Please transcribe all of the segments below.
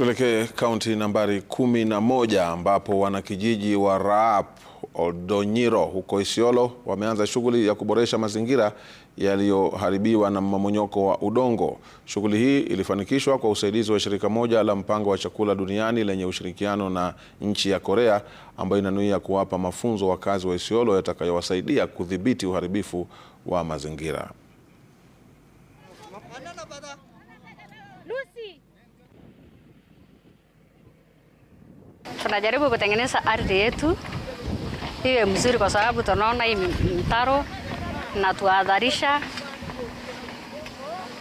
Tuelekee kaunti nambari kumi na moja ambapo wanakijiji wa Raap Oldonyiro huko Isiolo wameanza shughuli ya kuboresha mazingira yaliyoharibiwa na mmomonyoko wa udongo. Shughuli hii ilifanikishwa kwa usaidizi wa shirika moja la mpango wa chakula duniani lenye ushirikiano na nchi ya Korea ambayo inanuia kuwapa mafunzo wakazi wa Isiolo yatakayowasaidia kudhibiti uharibifu wa mazingira. Tunajaribu kutengeneza ardhi yetu iwe mzuri, kwa sababu tunaona hii mtaro natuadharisha,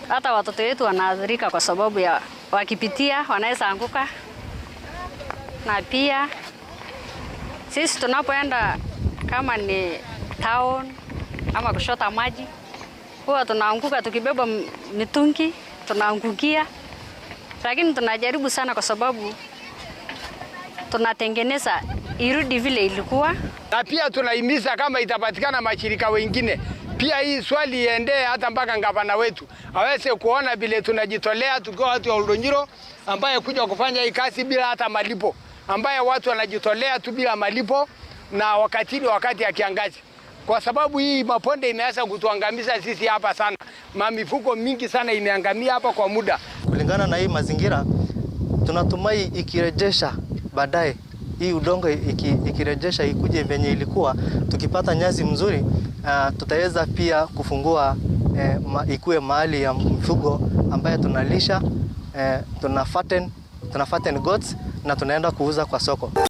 hata watoto wetu wanaadhirika kwa sababu ya wakipitia wanaweza anguka, na pia sisi tunapoenda kama ni town ama kushota maji huwa tunaanguka, tukibeba mitungi tunaangukia, lakini tunajaribu sana kwa sababu tunatengeneza irudi vile ilikuwa, na pia tunahimiza kama itapatikana mashirika wengine pia hii swali iendee hata mpaka ngavana wetu aweze kuona vile tunajitolea tukiwa watu wa Oldonyiro, ambaye kuja kufanya hii kazi bila hata malipo, ambaye watu wanajitolea tu bila malipo na wakati ni wakati ya kiangazi, kwa sababu hii maponde inaweza kutuangamiza sisi hapa sana. Mamifuko mingi sana imeangamia hapa kwa muda. Kulingana na hii mazingira, tunatumai ikirejesha baadaye hii udongo ikirejesha iki ikuje venye ilikuwa, tukipata nyasi mzuri uh, tutaweza pia kufungua eh, ma, ikuwe mahali ya mfugo ambaye tunalisha eh, tuna fatten, tuna fatten goats na tunaenda kuuza kwa soko.